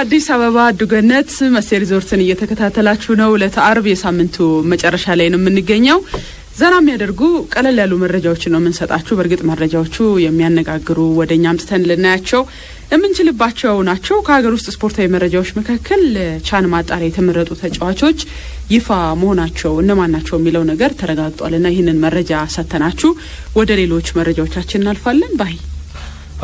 አዲስ አበባ ዱገነት መሴ ሪዞርትን እየተከታተላችሁ ነው። ለተአርብ የሳምንቱ መጨረሻ ላይ ነው የምንገኘው። ዘና የሚያደርጉ ቀለል ያሉ መረጃዎችን ነው የምንሰጣችሁ። በእርግጥ መረጃዎቹ የሚያነጋግሩ ወደ እኛ አምጥተን ልናያቸው የምንችልባቸው ናቸው። ከሀገር ውስጥ ስፖርታዊ መረጃዎች መካከል ቻን ማጣሪያ የተመረጡ ተጫዋቾች ይፋ መሆናቸው እነማን ናቸው የሚለው ነገር ተረጋግጧልና ይህንን መረጃ ሰተናችሁ ወደ ሌሎች መረጃዎቻችን እናልፋለን ባይ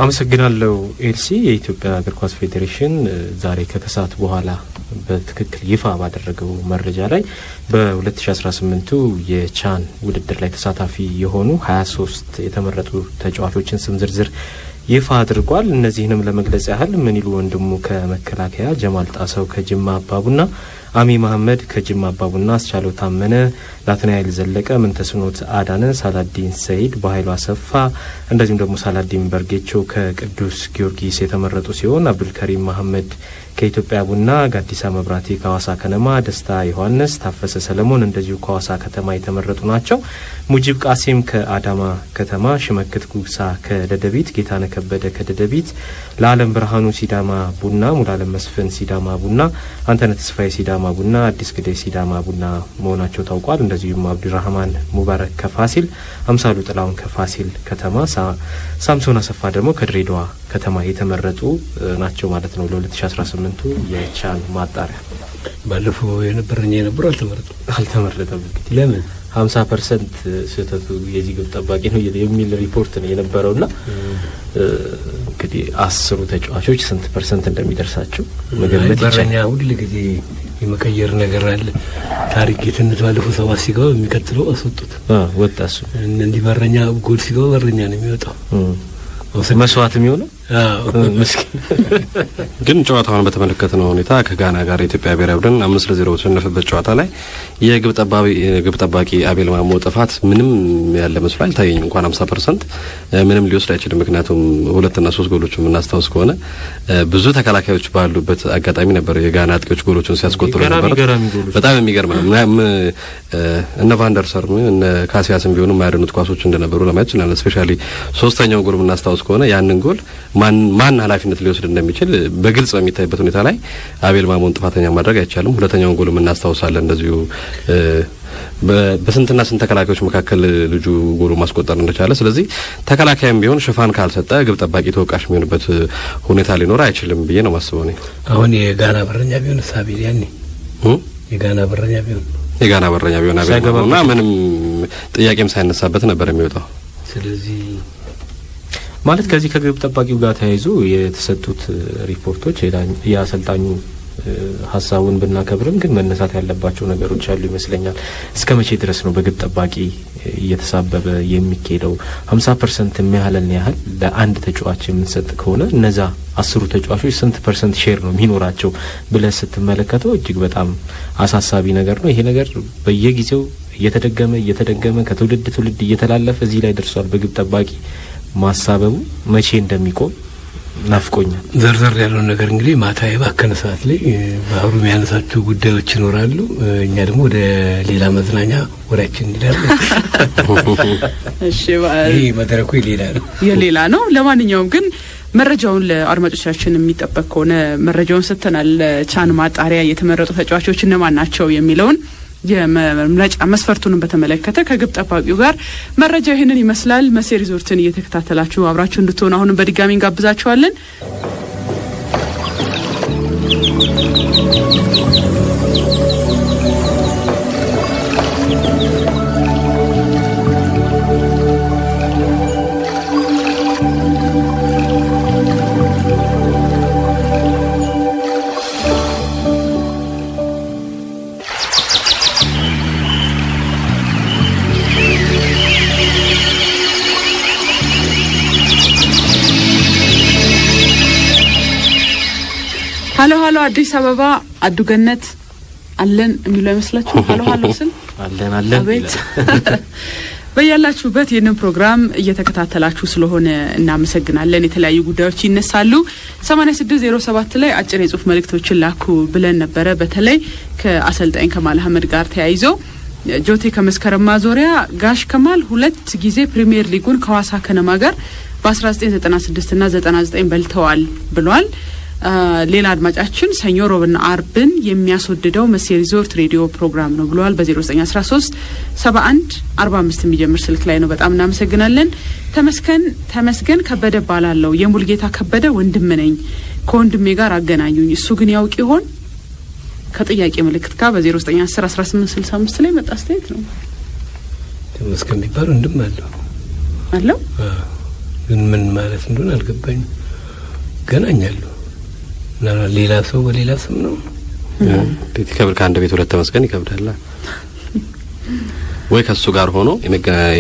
አመሰግናለሁ ኤልሲ። የኢትዮጵያ እግር ኳስ ፌዴሬሽን ዛሬ ከከሰዓት በኋላ በትክክል ይፋ ባደረገው መረጃ ላይ በ2018ቱ የቻን ውድድር ላይ ተሳታፊ የሆኑ 23 የተመረጡ ተጫዋቾችን ስም ዝርዝር ይፋ አድርጓል። እነዚህንም ለመግለጽ ያህል ምን ይሉ ወንድሙ ከመከላከያ፣ ጀማል ጣሰው ከጅማ አባቡና አሚ መሐመድ ከጅማ አባቡና አስቻለው ታመነ፣ ናትናኤል ዘለቀ፣ ምንተስኖት አዳነ፣ ሳላዲን ሰይድ፣ በኃይሉ አሰፋ እንደዚሁም ደግሞ ሳላዲን በርጌቾ ከቅዱስ ጊዮርጊስ የተመረጡ ሲሆን አብዱልከሪም መሐመድ ከኢትዮጵያ ቡና ጋዲሳ መብራቴ፣ ከሀዋሳ ከነማ ደስታ ዮሐንስ፣ ታፈሰ ሰለሞን እንደዚሁ ከሀዋሳ ከተማ የተመረጡ ናቸው። ሙጂብ ቃሲም ከአዳማ ከተማ፣ ሽመክት ጉሳ ከደደቢት፣ ጌታነ ከበደ ከደደቢት፣ ለአለም ብርሃኑ ሲዳማ ቡና፣ ሙላለም መስፍን ሲዳማ ቡና፣ አንተነ ተስፋዬ ሲዳማ ቡና፣ አዲስ ግዴ ሲዳማ ቡና መሆናቸው ታውቋል። እንደዚሁም አብዱራህማን ሙባረክ ከፋሲል፣ አምሳሉ ጥላውን ከፋሲል ከተማ፣ ሳምሶን አሰፋ ደግሞ ከድሬዳዋ ከተማ የተመረጡ ናቸው ማለት ነው ለ2018 ሳምንቱ የቻሉ ማጣሪያ ባለፈው የነበረኝ የነበሩ አልተመረጠም አልተመረጠም። እንግዲህ ለምን ሀምሳ ፐርሰንት ስህተቱ የዚህ ግብ ጠባቂ ነው የሚል ሪፖርት ነው የነበረውና እንግዲህ አስሩ ተጫዋቾች ስንት ፐርሰንት እንደሚደርሳቸው መገመት ይቻላል። ሁል ጊዜ የመቀየር ነገር አለ። ታሪክ የትነት ባለፈው ሰባት ሲገባ የሚቀጥለው አስወጡት ወጣ እሱ እንዲህ በረኛ ጎል ሲገባ በረኛ ነው የሚወጣው መስዋዕት የሚሆነው ግን ጨዋታውን በተመለከተ ነው ሁኔታ ከጋና ጋር የኢትዮጵያ ብሔራዊ ቡድን አምስት ለዜሮ በተሸነፈበት ጨዋታ ላይ የግብ ጠባቂ አቤል ማሞ ጥፋት ምንም ያለ መስሎ አልታየኝ። እንኳን ሀምሳ ፐርሰንት ምንም ሊወስድ አይችልም። ምክንያቱም ሁለትና ሶስት ጎሎች የምናስታውስ ከሆነ ብዙ ተከላካዮች ባሉበት አጋጣሚ ነበር የጋና አጥቂዎች ጎሎችን ሲያስቆጥሩ ነበር። በጣም የሚገርም ነው። እነ ቫንደርሰር እነ ካሲያስም ቢሆኑ የማያደኑት ኳሶች እንደነበሩ ለማየት ችላለ። ስፔሻሊ ሶስተኛው ጎል የምናስታውስ ከሆነ ያንን ጎል ማን ማን ኃላፊነት ሊወስድ እንደሚችል በግልጽ በሚታይበት ሁኔታ ላይ አቤል ማሞን ጥፋተኛ ማድረግ አይቻልም። ሁለተኛውን ጎልም እናስታውሳለን እንደዚሁ በስንትና ስንት ተከላካዮች መካከል ልጁ ጎሉ ማስቆጠር እንደቻለ። ስለዚህ ተከላካይም ቢሆን ሽፋን ካልሰጠ ግብ ጠባቂ ተወቃሽ የሚሆንበት ሁኔታ ሊኖር አይችልም ብዬ ነው ማስበው። እኔ አሁን የጋና በረኛ ቢሆን ሳቢል ያኔ የጋና በረኛ ቢሆን የጋና በረኛ ቢሆን ምንም ጥያቄም ሳይነሳበት ነበር የሚወጣው። ስለዚህ ማለት ከዚህ ከግብ ጠባቂው ጋር ተያይዞ የተሰጡት ሪፖርቶች የአሰልጣኙ ሀሳቡን ብናከብርም ግን መነሳት ያለባቸው ነገሮች አሉ ይመስለኛል። እስከ መቼ ድረስ ነው በግብ ጠባቂ እየተሳበበ የሚካሄደው? ሀምሳ ፐርሰንት የሚያህለን ያህል ለአንድ ተጫዋች የምንሰጥ ከሆነ እነዛ አስሩ ተጫዋቾች ስንት ፐርሰንት ሼር ነው የሚኖራቸው ብለህ ስትመለከተው እጅግ በጣም አሳሳቢ ነገር ነው። ይሄ ነገር በየጊዜው እየተደገመ እየተደገመ ከትውልድ ትውልድ እየተላለፈ እዚህ ላይ ደርሷል በግብ ጠባቂ ማሳበቡ መቼ እንደሚቆም ናፍቆኛል። ዘርዘር ያለውን ነገር እንግዲህ ማታ የባከነ ሰዓት ላይ ባህሩ የሚያነሳቸው ጉዳዮች ይኖራሉ። እኛ ደግሞ ወደ ሌላ መዝናኛ ወዳችን እንሄዳለን። ይህ መድረኩ የሌላ ነው የሌላ ነው። ለማንኛውም ግን መረጃውን ለአድማጮቻችን የሚጠበቅ ከሆነ መረጃውን ሰጥተናል። ቻን ማጣሪያ የተመረጡ ተጫዋቾች እነማን ናቸው የሚለውን የመምረጫ መስፈርቱንም በተመለከተ ከግብ ጠባቂው ጋር መረጃ ይህንን ይመስላል። መሴ ሪዞርትን እየተከታተላችሁ አብራችሁ እንድትሆኑ አሁንም በድጋሚ እንጋብዛችኋለን። ሀሎ ሀሎ አዲስ አበባ አዱገነት አለን የሚሉ አይመስላችሁ? ሀሎ ሀሎ ስል አለን አለን አቤት በያላችሁበት ይህንን ፕሮግራም እየተከታተላችሁ ስለሆነ እናመሰግናለን። የተለያዩ ጉዳዮች ይነሳሉ። ሰባት ላይ አጭር የጽሁፍ መልእክቶችን ላኩ ብለን ነበረ። በተለይ ከአሰልጣኝ ከማል አህመድ ጋር ተያይዞ ጆቴ ከመስከረም ማዞሪያ ጋሽ ከማል ሁለት ጊዜ ፕሪሚየር ሊጉን ከዋሳ ከነማ ጋር በ1996 ና 99 በልተዋል ብሏል። ሌላ አድማጫችን ሰኞ፣ ሮብና አርብን የሚያስወድደው መሴ ሪዞርት ሬዲዮ ፕሮግራም ነው ብለዋል። በ0913 71 45 የሚጀምር ስልክ ላይ ነው። በጣም እናመሰግናለን። ተመስገን ተመስገን ከበደ ባላለው የሙልጌታ ከበደ ወንድም ነኝ። ከወንድሜ ጋር አገናኙኝ። እሱ ግን ያውቅ ይሆን? ከጥያቄ ምልክት ጋር በ0910 1865 ላይ መጣ አስተያየት ነው። ተመስገን የሚባል ወንድም አለው አለው፣ ግን ምን ማለት እንደሆነ አልገባኝም። ገናኛለሁ ሌላ ሰው በሌላ ስም ነው ከብር ከአንድ ቤት ሁለት ተመስገን ይከብዳል። ወይ ከሱ ጋር ሆኖ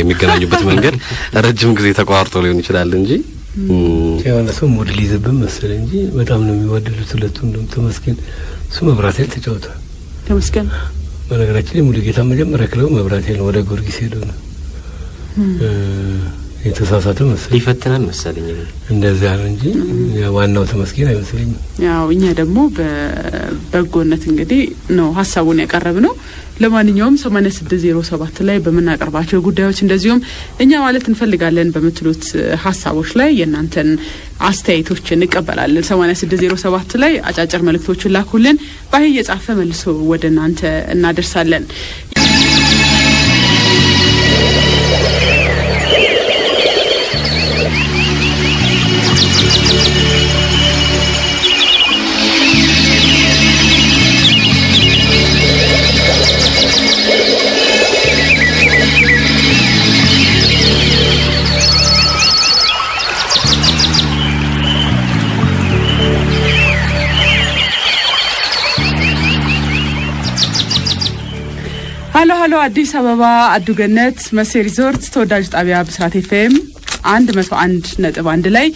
የሚገናኙበት መንገድ ረጅም ጊዜ ተቋርጦ ሊሆን ይችላል እንጂ የሆነ ሰው ሙድ ሊይዝብን መሰለ እንጂ በጣም ነው የሚወደዱት ሁለቱ። እንደውም ተመስገን እሱ መብራት ኃይል ተጫውቷል። ተመስገን በነገራችን ላይ ሙሉ ጌታ መጀመሪያ ክለው መብራት ኃይል ወደ ጊዮርጊስ ሄዶ ነው የተሳሳተ መሰለኝ ሊፈትነን መሰለኝ እንደዚያ ነው እንጂ ዋናው ተመስገን አይመስለኝም። ያው እኛ ደግሞ በበጎነት እንግዲህ ነው ሀሳቡን ያቀረብ ነው። ለማንኛውም ሰማኒያ ስድስት ዜሮ ሰባት ላይ በምናቀርባቸው ጉዳዮች እንደዚሁም እኛ ማለት እንፈልጋለን በምትሉት ሀሳቦች ላይ የእናንተን አስተያየቶች እንቀበላለን። ሰማኒያ ስድስት ዜሮ ሰባት ላይ አጫጭር መልእክቶችን ላኩልን። ባህ እየጻፈ መልሶ ወደ እናንተ እናደርሳለን። ሀሎ ሀሎ፣ አዲስ አበባ አዱገነት መሴ ሪዞርት ተወዳጅ ጣቢያ ብስራት ኤፍኤም አንድ መቶ አንድ ነጥብ አንድ ላይ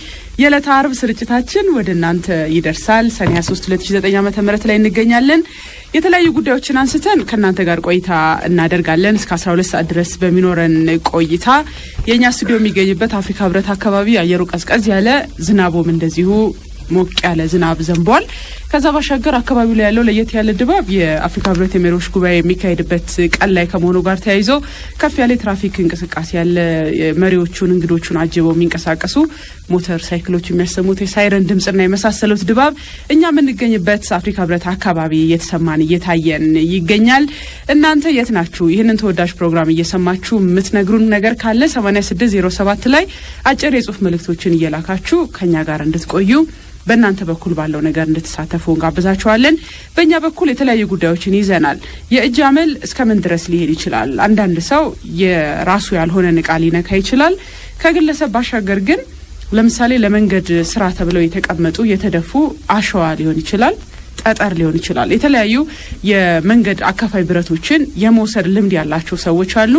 የዕለተ አርብ ስርጭታችን ወደ እናንተ ይደርሳል። ሰኔ 23 2009 ዓመተ ምህረት ላይ እንገኛለን። የተለያዩ ጉዳዮችን አንስተን ከእናንተ ጋር ቆይታ እናደርጋለን። እስከ 12 ሰዓት ድረስ በሚኖረን ቆይታ የእኛ ስቱዲዮ የሚገኝበት አፍሪካ ህብረት አካባቢ አየሩ ቀዝቀዝ ያለ ዝናቦም እንደዚሁ ሞቅ ያለ ዝናብ ዘንቧል። ከዛ ባሻገር አካባቢው ላይ ያለው ለየት ያለ ድባብ የአፍሪካ ህብረት የመሪዎች ጉባኤ የሚካሄድበት ቀን ላይ ከመሆኑ ጋር ተያይዞ ከፍ ያለ የትራፊክ እንቅስቃሴ ያለ መሪዎቹን እንግዶቹን አጅበው የሚንቀሳቀሱ ሞተር ሳይክሎች የሚያሰሙት የሳይረን ድምፅና የመሳሰሉት ድባብ እኛ የምንገኝበት አፍሪካ ህብረት አካባቢ እየተሰማን እየታየን ይገኛል። እናንተ የት ናችሁ? ይህንን ተወዳጅ ፕሮግራም እየሰማችሁ የምትነግሩን ነገር ካለ 8607 ላይ አጭር የጽሁፍ መልእክቶችን እየላካችሁ ከኛ ጋር እንድትቆዩ በእናንተ በኩል ባለው ነገር እንድትሳተፉ እንጋብዛችኋለን። በእኛ በኩል የተለያዩ ጉዳዮችን ይዘናል። የእጅ አመል እስከምን ድረስ ሊሄድ ይችላል? አንዳንድ ሰው የራሱ ያልሆነን እቃ ሊነካ ይችላል። ከግለሰብ ባሻገር ግን ለምሳሌ ለመንገድ ስራ ተብለው የተቀመጡ የተደፉ አሸዋ ሊሆን ይችላል። ጠጠር ሊሆን ይችላል። የተለያዩ የመንገድ አካፋይ ብረቶችን የመውሰድ ልምድ ያላቸው ሰዎች አሉ።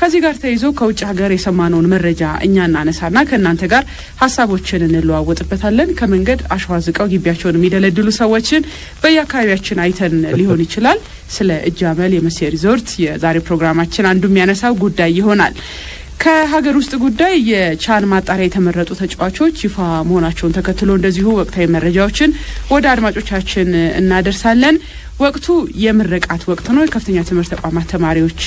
ከዚህ ጋር ተይዞ ከውጭ ሀገር የሰማነውን መረጃ እኛ እናነሳና ከእናንተ ጋር ሀሳቦችን እንለዋወጥበታለን። ከመንገድ አሸዋ ዝቀው ግቢያቸውን የሚደለድሉ ሰዎችን በየአካባቢያችን አይተን ሊሆን ይችላል። ስለ እጅ አመል ሪዞርት የዛሬ ፕሮግራማችን አንዱ የሚያነሳው ጉዳይ ይሆናል። ከሀገር ውስጥ ጉዳይ የቻን ማጣሪያ የተመረጡ ተጫዋቾች ይፋ መሆናቸውን ተከትሎ እንደዚሁ ወቅታዊ መረጃዎችን ወደ አድማጮቻችን እናደርሳለን። ወቅቱ የምርቃት ወቅት ነው። የከፍተኛ ትምህርት ተቋማት ተማሪዎች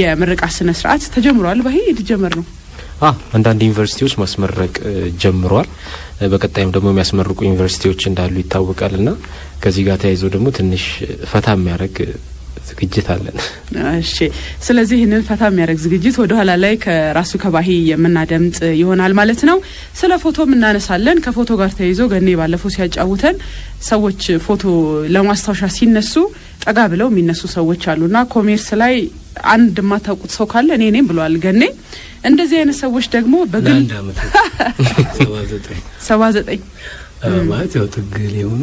የምርቃት ስነ ስርዓት ተጀምሯል። ባይ ሊጀመር ነው። አንዳንድ ዩኒቨርሲቲዎች ማስመረቅ ጀምሯል። በቀጣይም ደግሞ የሚያስመርቁ ዩኒቨርሲቲዎች እንዳሉ ይታወቃል ና ከዚህ ጋር ተያይዞ ደግሞ ትንሽ ፈታ የሚያደርግ ዝግጅት አለን። እሺ፣ ስለዚህ ይህንን ፈታ የሚያደርግ ዝግጅት ወደ ኋላ ላይ ከራሱ ከባሂ የምናደምጥ ይሆናል ማለት ነው። ስለ ፎቶም እናነሳለን። ከፎቶ ጋር ተይዞ ገኔ ባለፈው ሲያጫውተን ሰዎች ፎቶ ለማስታወሻ ሲነሱ ጠጋ ብለው የሚነሱ ሰዎች ና ኮሜርስ ላይ አንድ የማታውቁት ሰው ካለ እኔ እኔም ብለዋል ገኔ። እንደዚህ አይነት ሰዎች ደግሞ በግል ሰባ ዘጠኝ ማለት ያው ትግል የሆኑ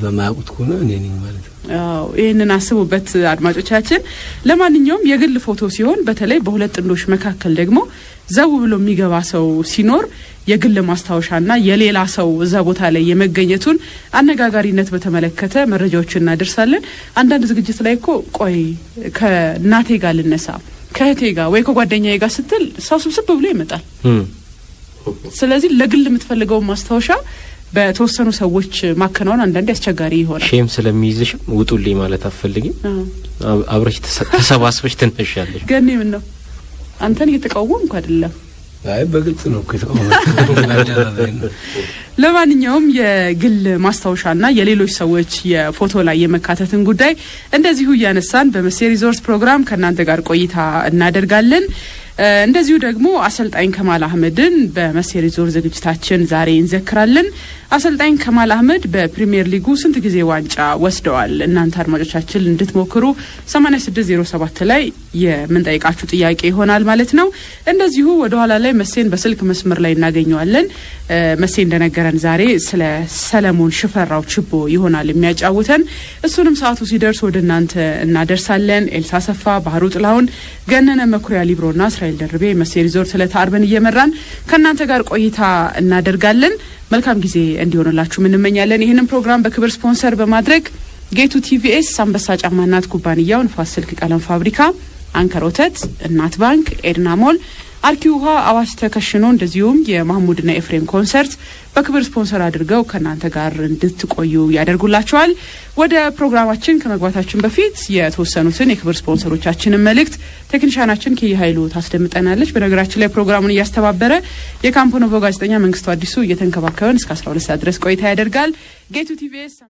በማያውቁት ከሆነ እኔ ነኝ ማለት ነው። ይህንን አስቡበት አድማጮቻችን። ለማንኛውም የግል ፎቶ ሲሆን በተለይ በሁለት ጥንዶች መካከል ደግሞ ዘው ብሎ የሚገባ ሰው ሲኖር የግል ማስታወሻና የሌላ ሰው እዛ ቦታ ላይ የመገኘቱን አነጋጋሪነት በተመለከተ መረጃዎችን እናደርሳለን። አንዳንድ ዝግጅት ላይ እኮ ቆይ ከእናቴ ጋር ልነሳ ከእህቴ ጋር ወይ ከጓደኛዬ ጋር ስትል ሰው ስብስብ ብሎ ይመጣል። ስለዚህ ለግል የምትፈልገውን ማስታወሻ በተወሰኑ ሰዎች ማከናወን አንዳንዴ አስቸጋሪ ይሆናል። ሼም ስለሚይዝሽም ውጡልኝ ማለት አፈልጊም። አብረሽ ተሰባስበሽ ትነሻለሽ። ገኔ ምን ነው አንተን እየተቃወምኩ አይደለም። አይ በግልጽ ነው እኮ ለማንኛውም የግል ማስታወሻና የሌሎች ሰዎች የፎቶ ላይ የመካተትን ጉዳይ እንደዚሁ እያነሳን በመሴ ሪዞርት ፕሮግራም ከእናንተ ጋር ቆይታ እናደርጋለን። እንደዚሁ ደግሞ አሰልጣኝ ከማል አህመድን በመሴሪ ዞር ዝግጅታችን ዛሬ እንዘክራለን። አሰልጣኝ ከማል አህመድ በፕሪምየር ሊጉ ስንት ጊዜ ዋንጫ ወስደዋል? እናንተ አድማጮቻችን እንድትሞክሩ 8607 ላይ የምንጠይቃችሁ ጥያቄ ይሆናል ማለት ነው። እንደዚሁ ወደ ኋላ ላይ መሴን በስልክ መስመር ላይ እናገኘዋለን። መሴ እንደነገረን ዛሬ ስለ ሰለሞን ሽፈራው ችቦ ይሆናል የሚያጫውተን። እሱንም ሰዓቱ ሲደርስ ወደ እናንተ እናደርሳለን። ኤልሳ ሰፋ፣ ባህሩ ጥላሁን፣ ገነነ መኩሪያ ሊብሮና ሚካኤል ደርቤ መስ ሪዞርት ስለ ተአርበን እየመራን ከእናንተ ጋር ቆይታ እናደርጋለን። መልካም ጊዜ እንዲሆንላችሁ እንመኛለን። ይህንን ፕሮግራም በክብር ስፖንሰር በማድረግ ጌቱ ቲቪኤስ፣ አንበሳ ጫማ፣ እናት ኩባንያው፣ ንፋስ ስልክ፣ ቀለም ፋብሪካ፣ አንከር ወተት፣ እናት ባንክ፣ ኤድና ሞል አርኪ ውሃ አዋሽ ተከሽኖ እንደዚሁም የማህሙድና ኤፍሬም ኮንሰርት በክብር ስፖንሰር አድርገው ከእናንተ ጋር እንድትቆዩ ያደርጉላቸዋል። ወደ ፕሮግራማችን ከመግባታችን በፊት የተወሰኑትን የክብር ስፖንሰሮቻችንን መልእክት ቴክኒሻናችን ከየ ኃይሉ ታስደምጠናለች። በነገራችን ላይ ፕሮግራሙን እያስተባበረ የካምፖኖቮ ጋዜጠኛ መንግስቱ አዲሱ እየተንከባከበን እስከ ሁለት ሰዓት ድረስ ቆይታ ያደርጋል። ጌቱ ቲቪኤስ